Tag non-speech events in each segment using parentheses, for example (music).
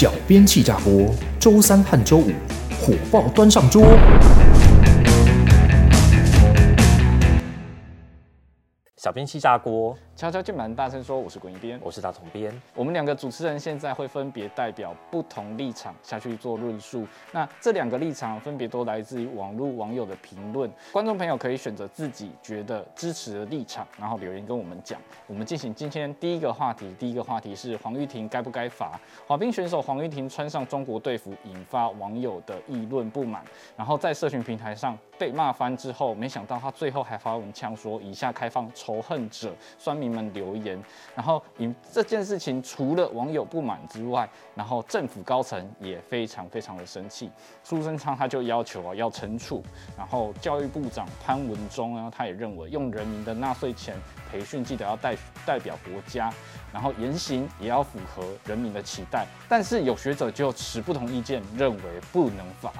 小編氣炸鍋，周三和周五火爆端上桌。小編氣炸鍋。悄悄進門，大聲說：“我是滾一編，我是打統編。我們兩個主持人現在會分別代表不同立場下去做論述。那這兩個立場分別都來自於網絡網友的評論，觀眾朋友可以選擇自己覺得支持的立場，然後留言跟我們講。我們進行今天第一個話題。第一個話題是黃郁婷該不該罰？滑冰選手黃郁婷穿上中國隊服，引發網友的議論不滿。然後在社群平台上被罵翻之後，沒想到她最後還發文嗆說：以下開放仇恨者，酸民。”他們留言，然後以這件事情除了網友不滿之外，然後政府高層也非常非常的生氣。蘇貞昌他就要求啊要懲處，然後教育部長潘文忠啊他也認為用人民的納稅錢培訓，記得要代代表國家，然後言行也要符合人民的期待。但是有學者就持不同意見，認為不能罰。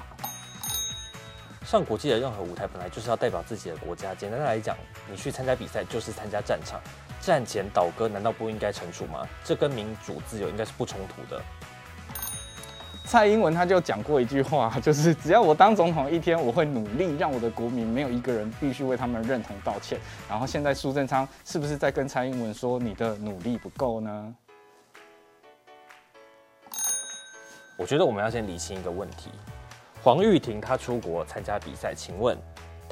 上國際的任何舞台本來就是要代表自己的國家。簡單來講，你去參加比賽就是參加戰場。戰前倒戈難道不應該懲處嗎？這跟民主自由應該是不衝突的。蔡英文他就講過一句話，就是只要我當總統一天，我會努力讓我的國民沒有一個人必須為他們認同道歉。然後現在蘇貞昌是不是在跟蔡英文說你的努力不夠呢？我覺得我們要先理清一個問題：黃郁婷她出國參加比賽，請問，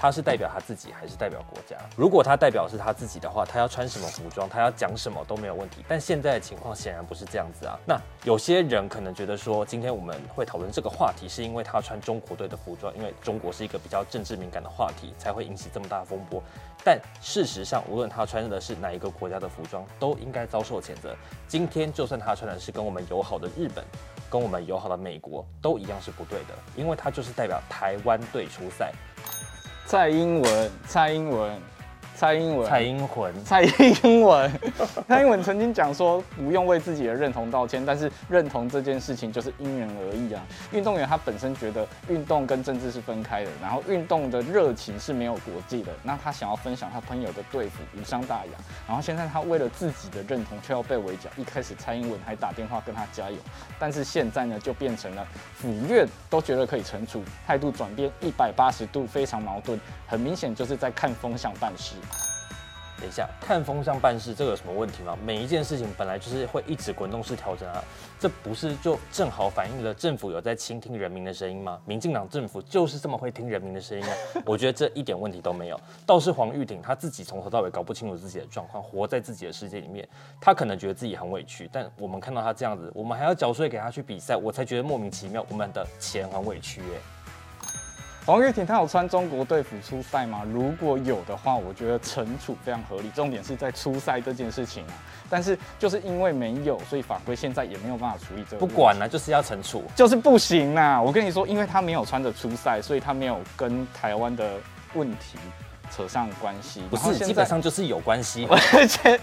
他是代表他自己還是代表國家？如果他代表是他自己的話，他要穿什麼服裝，他要講什麼都沒有問題。但現在的情況顯然不是這樣子啊。那有些人可能覺得說，今天我們會討論這個話題，是因為他穿中國隊的服裝，因為中國是一個比較政治敏感的話題，才會引起這麼大風波。但事實上，無論他穿的是哪一個國家的服裝，都應該遭受譴責。今天就算他穿的是跟我們友好的日本，跟我們友好的美國，都一樣是不對的，因為他就是代表台灣隊出賽。蔡英文，蔡英文。蔡英文，蔡英文，蔡英文， (laughs) 蔡英文曾經講說不用為自己的認同道歉，但是認同這件事情就是因人而異啊。運動員他本身覺得運動跟政治是分開的，然後運動的熱情是沒有國籍的，那他想要分享他朋友的隊服，無傷大雅。然後現在他為了自己的認同卻要被圍剿，一開始蔡英文還打電話跟他加油，但是現在呢就變成了府院都覺得可以懲處，態度轉變一百八十度，非常矛盾，很明顯就是在看風向辦事。等一下，看風向辦事，這有什麼問題嗎？每一件事情本來就是會一直滾動式調整啊，這不是就正好反映了政府有在傾聽人民的聲音嗎？民進黨政府就是這麼會聽人民的聲音啊！ (laughs) 我覺得這一點問題都沒有。倒是黃郁婷他自己從頭到尾搞不清楚自己的狀況，活在自己的世界裡面。他可能覺得自己很委屈，但我們看到他這樣子，我們還要繳稅給他去比賽，我才覺得莫名其妙，我們的錢很委屈耶、欸。黃郁婷她有穿中國隊服出賽嗎？如果有的話，我覺得懲處非常合理。重點是在出賽這件事情啊，但是就是因為沒有，所以法規現在也沒有辦法處理這個。不管了，就是要懲處，就是不行啊。我跟你說，因為他沒有穿着出賽，所以他沒有跟台灣的問題扯上關係，不是基本上就是有關係。 (laughs)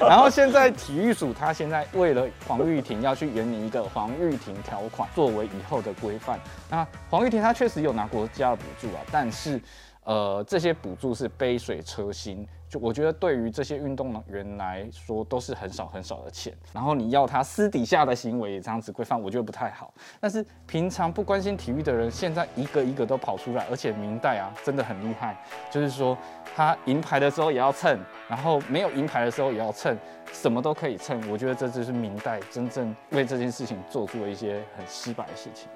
然後現在體育署他現在為了黃郁婷要去研擬一個黃郁婷條款，作為以後的規範。那黃郁婷她確實有拿國家補助啊，但是。呃，這些補助是杯水車薪，就我覺得對於這些運動員來說都是很少很少的錢。然後你要他私底下的行為也這樣子規範，我覺得不太好。但是平常不關心體育的人，現在一個一個都跑出來，而且明代啊真的很厲害，就是說他銀牌的時候也要蹭，然後沒有銀牌的時候也要蹭，什麼都可以蹭。我覺得這就是明代真正為這件事情做出了一些很失敗的事情。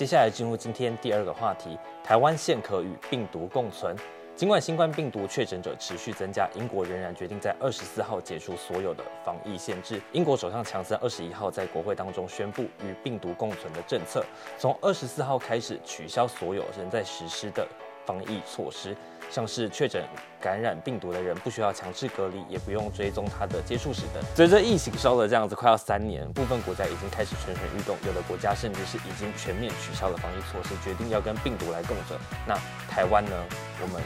接下來進入今天第二個話題：台灣現可與病毒共存。儘管新冠病毒確診者持續增加，英國仍然決定在二十四號解除所有的防疫限制。英國首相強森二十一號在國會當中宣布與病毒共存的政策，從二十四號開始取消所有仍在實施的。防疫措施，像是確診感染病毒的人不需要強制隔離，也不用追蹤他的接觸史等。隨着疫情燒了這樣子快要三年，部分國家已經開始蠢蠢欲動，有的國家甚至是已經全面取消了防疫措施，決定要跟病毒來共存。那台灣呢？我們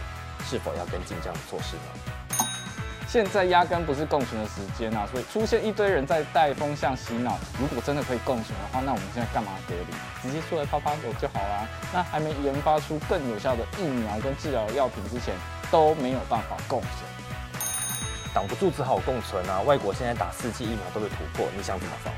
是否要跟進這樣的措施呢？現在壓根不是共存的時間啊！所以出現一堆人在帶風向洗腦。如果真的可以共存的話，那我們現在幹嘛隔離？直接出來趴趴走就好了啊。那還沒研發出更有效的疫苗跟治療藥品之前，都沒有辦法共存。擋不住只好共存啊！外國現在打四劑疫苗都被突破，你想怎麼防？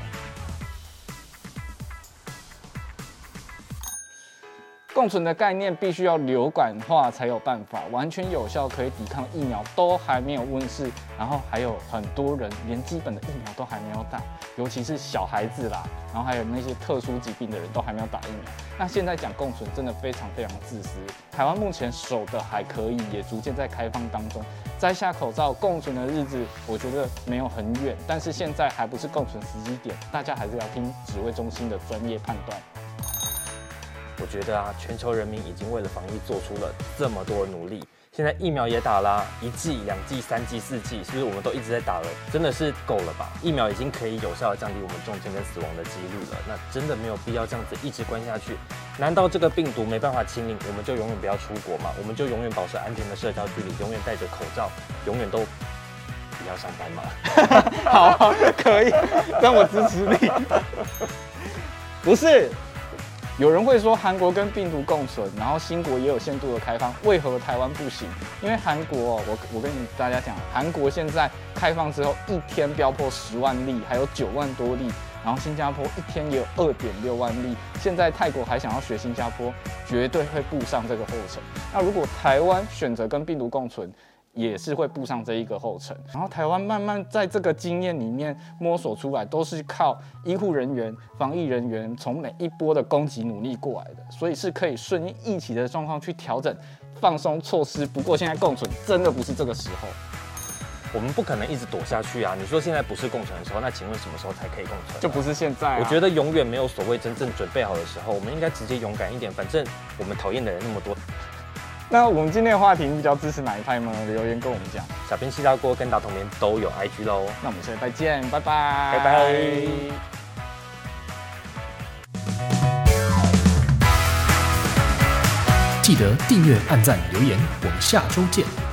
共存的概念必須要流感化才有辦法完全有效，可以抵抗疫苗都還沒有問世，然後還有很多人連基本的疫苗都還沒有打，尤其是小孩子啦，然後還有那些特殊疾病的人都還沒有打疫苗。那現在講共存真的非常非常自私。台灣目前守得還可以，也逐漸在開放當中，摘下口罩共存的日子，我覺得沒有很遠，但是現在還不是共存時機點，大家還是要聽指揮中心的專業判斷。我覺得啊，全球人民已經為了防疫做出了這麼多的努力，現在疫苗也打啦、啊，一劑、兩劑、三劑、四劑，是不是我們都一直在打了？真的是夠了吧？疫苗已經可以有效的降低我們重症跟死亡的幾率了，那真的沒有必要這樣子一直關下去。難道這個病毒沒辦法清零，我們就永遠不要出國嗎？我們就永遠保持安全的社交距離，永遠戴着口罩，永遠都不要上班嗎？ (laughs) 好、啊，可以，但我支持你。不是。有人會說韓國跟病毒共存，然後新國也有限度的開放，為何台灣不行？因為韓國，我我跟你大家講，韓國現在開放之後一天飆破十萬例，還有九萬多例，然後新加坡一天也有二點六萬例，現在泰國還想要學新加坡，絕對會步上這個後塵。那如果台灣選擇跟病毒共存，也是會步上這一個後塵，然後台灣慢慢在這個經驗裡面摸索出來，都是靠醫護人員、防疫人員從每一波的攻擊努力過來的，所以是可以順應疫情的狀況去調整放鬆措施。不過現在共存真的不是這個時候，我們不可能一直躲下去啊！你說現在不是共存的時候，那請問什麼時候才可以共存啊？就不是現在啊。我覺得永遠沒有所謂真正準備好的時候，我們應該直接勇敢一點，反正我們討厭的人那麼多。那我們今天的話題比較支持哪一派呢？留言跟我們講。小編氣炸鍋跟打統編都有 IG 嘍。那我們現在再見，拜拜，拜拜。記得訂閱、按讚、留言，我們下周見。